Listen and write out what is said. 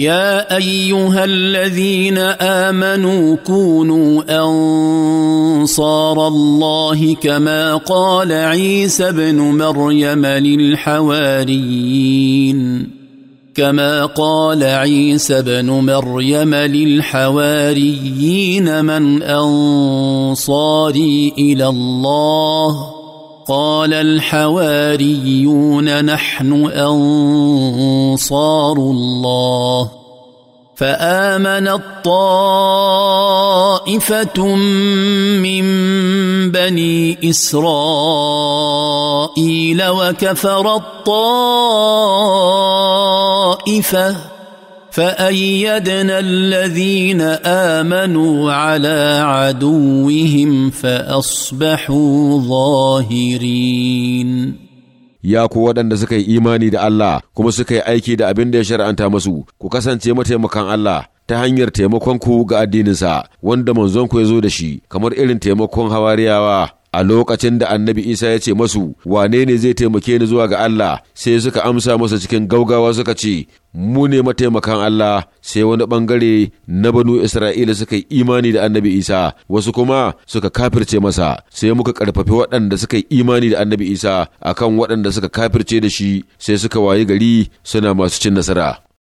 يا ايها الذين امنوا كونوا انصار الله كما قال عيسى ابن مريم للحواريين كما قال عيسى ابن مريم للحواريين من انصاري الى الله قال الحواريون نحن انصار الله فامنت طائفه من بني اسرائيل وكفر الطائفه فايدنا الذين امنوا على عدوهم فاصبحوا ظاهرين ya ku waɗanda suka yi imani da Allah kuma suka yi aiki da abin da ya shar'anta masu ku kasance mataimakan Allah ta hanyar taimakon ku ga addininsa wanda manzon ku ya zo da shi kamar irin taimakon hawariyawa a lokacin da annabi isa ya ce masu wane ne zai taimake ni zuwa ga Allah sai suka amsa masa cikin gaugawa suka ce mu ne mataimakan Allah sai wani bangare na banu Isra'ila suka yi imani da annabi isa wasu kuma suka kafirce masa sai muka karfafi waɗanda suka yi imani da annabi isa akan waɗanda suka kafirce da shi sai suka wayi gari suna masu cin nasara